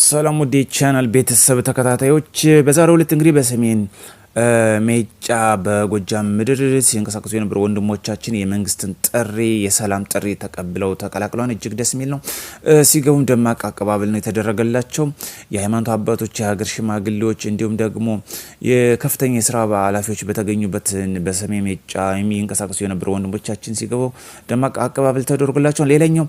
ሰላም ውዴ ቻናል ቤተሰብ ተከታታዮች በዛሬው ዕለት እንግዲህ በሰሜን ሜጫ በጎጃም ምድር ሲንቀሳቀሱ የነበሩ ወንድሞቻችን የመንግስትን ጥሪ የሰላም ጥሪ ተቀብለው ተቀላቅለዋል። እጅግ ደስ የሚል ነው። ሲገቡም ደማቅ አቀባበል ነው የተደረገላቸው። የሃይማኖት አባቶች፣ የሀገር ሽማግሌዎች እንዲሁም ደግሞ የከፍተኛ የስራ ኃላፊዎች በተገኙበት በሰሜን ሜጫ የሚንቀሳቀሱ የነበሩ ወንድሞቻችን ሲገቡ ደማቅ አቀባበል ተደርጎላቸዋል። ሌላኛው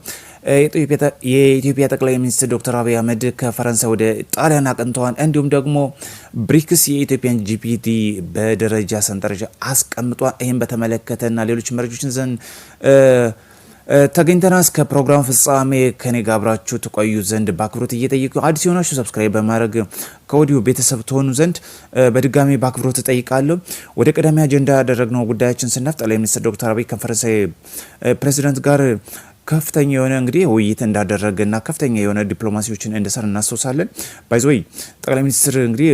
የኢትዮጵያ ጠቅላይ ሚኒስትር ዶክተር አብይ አህመድ ከፈረንሳይ ወደ ጣሊያን አቅንተዋል። እንዲሁም ደግሞ ብሪክስ የኢትዮጵያን ጂፒቲ እንግዲህ በደረጃ ሰንጠረዥ አስቀምጧል። ይህም በተመለከተና ሌሎች መረጃዎችን ዘንድ ተገኝተና እስከ ፕሮግራም ፍጻሜ ከኔ ጋር አብራችሁ ትቆዩ ዘንድ በአክብሮት እየጠየቁ አዲስ የሆናችሁ ሰብስክራይብ በማድረግ ከወዲሁ ቤተሰብ ትሆኑ ዘንድ በድጋሚ በአክብሮት እጠይቃለሁ። ወደ ቀዳሚ አጀንዳ ያደረግነው ጉዳያችን ስናፍ ጠቅላይ ሚኒስትር ዶክተር አብይ ከፈረንሳይ ፕሬዚደንት ጋር ከፍተኛ የሆነ እንግዲህ ውይይት እንዳደረገና ከፍተኛ የሆነ ዲፕሎማሲዎችን እንደሰር እናስታውሳለን። ባይዘወይ ጠቅላይ ሚኒስትር እንግዲህ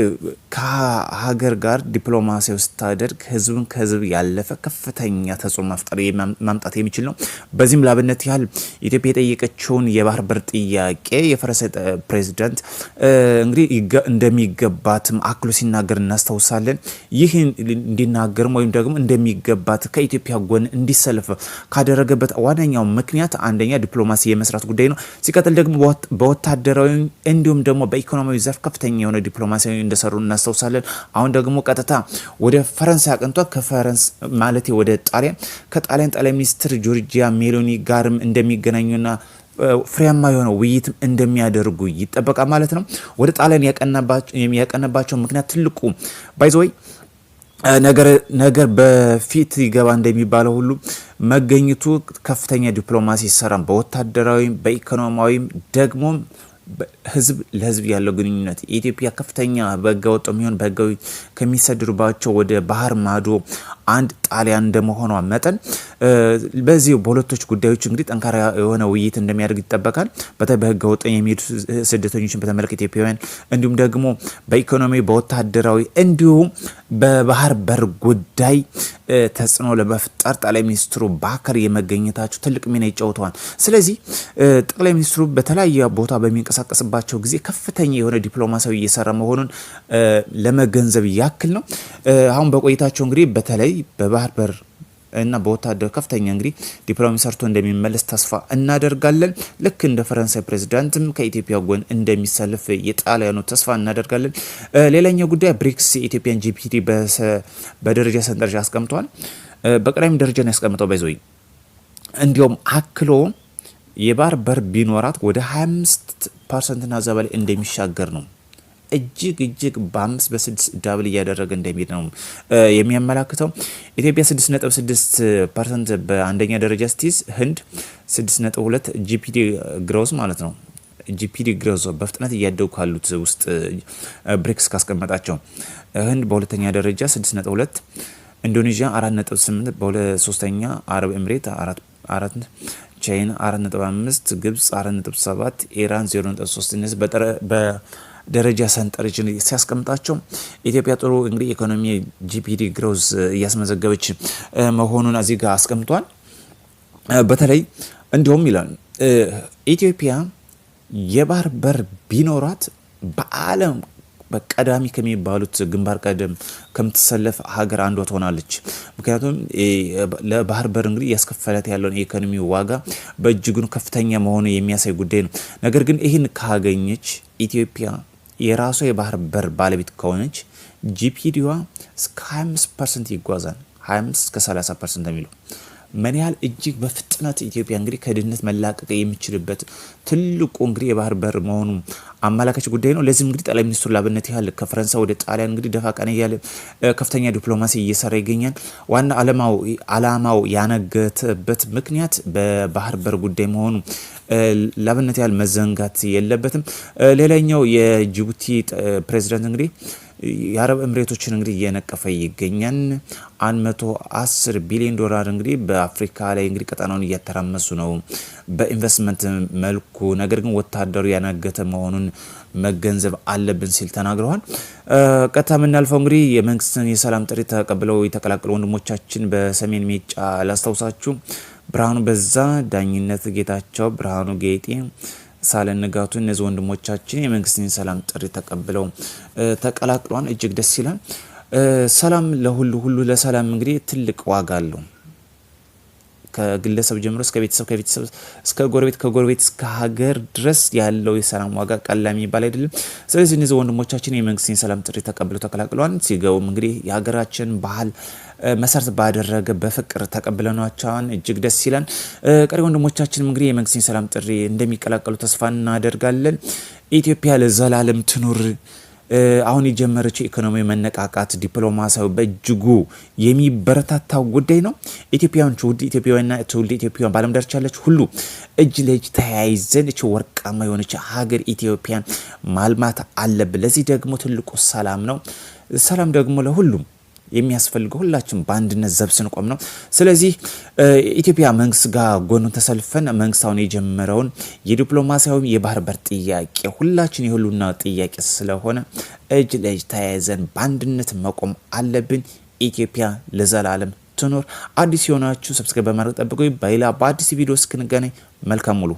ከሀገር ጋር ዲፕሎማሲ ስታደርግ ህዝብን ከህዝብ ያለፈ ከፍተኛ ተጽዕኖ መፍጠር ማምጣት የሚችል ነው። በዚህም ላብነት ያህል ኢትዮጵያ የጠየቀችውን የባህር በር ጥያቄ የፈረንሳይ ፕሬዚደንት እንግዲህ እንደሚገባትም አክሎ ሲናገር እናስታውሳለን። ይህ እንዲናገርም ወይም ደግሞ እንደሚገባት ከኢትዮጵያ ጎን እንዲሰልፍ ካደረገበት ዋነኛው ምክንያት አንደኛ ዲፕሎማሲ የመስራት ጉዳይ ነው። ሲቀጥል ደግሞ በወታደራዊ እንዲሁም ደግሞ በኢኮኖሚያዊ ዘርፍ ከፍተኛ የሆነ ዲፕሎማሲያዊ እንደሰሩ እናስታውሳለን። አሁን ደግሞ ቀጥታ ወደ ፈረንሳይ አቅንቷ ከፈረንስ ማለት ወደ ጣሊያን ከጣሊያን ጠቅላይ ሚኒስትር ጆርጂያ ሜሎኒ ጋርም እንደሚገናኙና ፍሬያማ የሆነ ውይይትም እንደሚያደርጉ ይጠበቃል ማለት ነው። ወደ ጣሊያን ያቀናባቸው ምክንያት ትልቁ ባይዘወይ ነገር በፊት ይገባ እንደሚባለው ሁሉ መገኘቱ ከፍተኛ ዲፕሎማሲ ይሰራም፣ በወታደራዊም በኢኮኖሚያዊም ደግሞ ህዝብ ለህዝብ ያለው ግንኙነት የኢትዮጵያ ከፍተኛ በህገ ወጥ የሚሆን በህገዊ ከሚሰድሩባቸው ወደ ባህር ማዶ አንድ ጣሊያን እንደመሆኗ መጠን በዚህ በሁለቶች ጉዳዮች እንግዲህ ጠንካራ የሆነ ውይይት እንደሚያደርግ ይጠበቃል። በተለይ በህገ ወጥ የሚሄዱ ስደተኞችን በተመለከተ ኢትዮጵያውያን፣ እንዲሁም ደግሞ በኢኮኖሚ በወታደራዊ እንዲሁም በባህር በር ጉዳይ ተጽዕኖ ለመፍጠር ጠቅላይ ሚኒስትሩ በአካል የመገኘታቸው ትልቅ ሚና ይጫውተዋል። ስለዚህ ጠቅላይ ሚኒስትሩ በተለያየ ቦታ በሚንቀሳቀስባቸው ጊዜ ከፍተኛ የሆነ ዲፕሎማሲያዊ እየሰራ መሆኑን ለመገንዘብ ያክል ነው። አሁን በቆይታቸው እንግዲህ በተለይ በባህር በር እና በወታደር ከፍተኛ እንግዲህ ዲፕሎማሲ ሰርቶ እንደሚመለስ ተስፋ እናደርጋለን። ልክ እንደ ፈረንሳይ ፕሬዚዳንትም ከኢትዮጵያ ጎን እንደሚሰልፍ የጣሊያኑ ተስፋ እናደርጋለን። ሌላኛው ጉዳይ ብሪክስ የኢትዮጵያን ጂፒቲ በደረጃ ሰንጠረዥ አስቀምጠዋል። በቀዳሚ ደረጃ ነው ያስቀምጠው። ባይዘይ እንዲሁም አክሎ የባህር በር ቢኖራት ወደ 25 ፐርሰንትና ዘበላይ እንደሚሻገር ነው እጅግ እጅግ በአምስት በስድስት ዳብል እያደረገ እንደሚሄድ ነው የሚያመላክተው። ኢትዮጵያ 6.6 ፐርሰንት በአንደኛ ደረጃ ስትይዝ ህንድ 6.2 ጂፒዲ ግሮዝ ማለት ነው ጂፒዲ ግሮዝ በፍጥነት እያደጉ ካሉት ውስጥ ብሪክስ ካስቀመጣቸው ህንድ በሁለተኛ ደረጃ 6.2 ኢንዶኔዥያ 4.8 በሶስተኛ አረብ ኤምሬት አራት ቻይና 4.5 ግብጽ ሰባት ኢራን 0.3 እነዚህ ደረጃ ሰንጠረዥን ሲያስቀምጣቸው ኢትዮጵያ ጥሩ እንግዲህ ኢኮኖሚ ጂፒዲ ግሮዝ እያስመዘገበች መሆኑን እዚህ ጋር አስቀምጧል። በተለይ እንዲሁም ይላል ኢትዮጵያ የባህር በር ቢኖራት በዓለም በቀዳሚ ከሚባሉት ግንባር ቀደም ከምትሰለፍ ሀገር አንዷ ትሆናለች። ምክንያቱም ለባህር በር እንግዲህ እያስከፈለት ያለውን የኢኮኖሚ ዋጋ በእጅጉን ከፍተኛ መሆኑ የሚያሳይ ጉዳይ ነው። ነገር ግን ይህን ካገኘች ኢትዮጵያ የራሷ የባህር በር ባለቤት ከሆነች ጂፒዲዋ እስከ 25 ፐርሰንት ይጓዛል። 25 እስከ 30 ፐርሰንት የሚለው ምን ያህል እጅግ በፍጥነት ኢትዮጵያ እንግዲህ ከድህነት መላቀቅ የሚችልበት ትልቁ እንግዲህ የባህር በር መሆኑ አመላካች ጉዳይ ነው። ለዚህም እንግዲህ ጠቅላይ ሚኒስትሩ ላብነት ያህል ከፈረንሳይ ወደ ጣሊያን እንግዲህ ደፋ ቀና እያለ ከፍተኛ ዲፕሎማሲ እየሰራ ይገኛል። ዋና አላማው ያነገተበት ምክንያት በባህር በር ጉዳይ መሆኑ ላብነት ያህል መዘንጋት የለበትም። ሌላኛው የጅቡቲ ፕሬዚደንት እንግዲህ የአረብ እምሬቶችን እንግዲህ እየነቀፈ ይገኛል። 110 ቢሊዮን ዶላር እንግዲህ በአፍሪካ ላይ እንግዲህ ቀጠናውን እያተራመሱ ነው በኢንቨስትመንት መልኩ። ነገር ግን ወታደሩ ያናገተ መሆኑን መገንዘብ አለብን ሲል ተናግረዋል። ቀጥታ የምናልፈው እንግዲህ የመንግስትን የሰላም ጥሪ ተቀብለው የተቀላቀሉ ወንድሞቻችን በሰሜን ሜጫ ላስታውሳችሁ ብርሃኑ በዛ፣ ዳኝነት ጌታቸው፣ ብርሃኑ ጌጤ ሳለ ንጋቱ እነዚህ ወንድሞቻችን የመንግስትን ሰላም ጥሪ ተቀብለው ተቀላቅሏን እጅግ ደስ ይላል። ሰላም ለሁሉ ሁሉ ለሰላም እንግዲህ ትልቅ ዋጋ አለው። ከግለሰብ ጀምሮ እስከ ቤተሰብ፣ ከቤተሰብ እስከ ጎረቤት፣ ከጎረቤት እስከ ሀገር ድረስ ያለው የሰላም ዋጋ ቀላል የሚባል አይደለም። ስለዚህ እነዚህ ወንድሞቻችን የመንግስትን የሰላም ጥሪ ተቀብለው ተቀላቅለዋል። ሲገቡም እንግዲህ የሀገራችን ባህል መሰረት ባደረገ በፍቅር ተቀብለናቸዋን እጅግ ደስ ይላል። ቀሪ ወንድሞቻችንም እንግዲህ የመንግስትን የሰላም ጥሪ እንደሚቀላቀሉ ተስፋ እናደርጋለን። ኢትዮጵያ ለዘላለም ትኑር። አሁን የጀመረችው ኢኮኖሚ መነቃቃት ዲፕሎማሲያዊ በእጅጉ የሚበረታታው ጉዳይ ነው። ኢትዮጵያውያን ውድ ኢትዮጵያውያንና ትውልድ ኢትዮጵያውያን በዓለም ዳርቻ ያለች ሁሉ እጅ ለእጅ ተያይዘን እች ወርቃማ የሆነች ሀገር ኢትዮጵያን ማልማት አለብን። ለዚህ ደግሞ ትልቁ ሰላም ነው። ሰላም ደግሞ ለሁሉም የሚያስፈልገው ሁላችን በአንድነት ዘብስን ቆም ነው። ስለዚህ ኢትዮጵያ መንግስት ጋር ጎኑ ተሰልፈን መንግስት አሁን የጀመረውን የዲፕሎማሲያዊ የባህር በር ጥያቄ ሁላችን የህሉና ጥያቄ ስለሆነ እጅ ለእጅ ተያይዘን በአንድነት መቆም አለብን። ኢትዮጵያ ለዘላለም ትኖር። አዲስ የሆናችሁ ሰብስክራይብ በማድረግ ጠብቁኝ። በሌላ በአዲስ ቪዲዮ እስክንገናኝ መልካም ሙሉ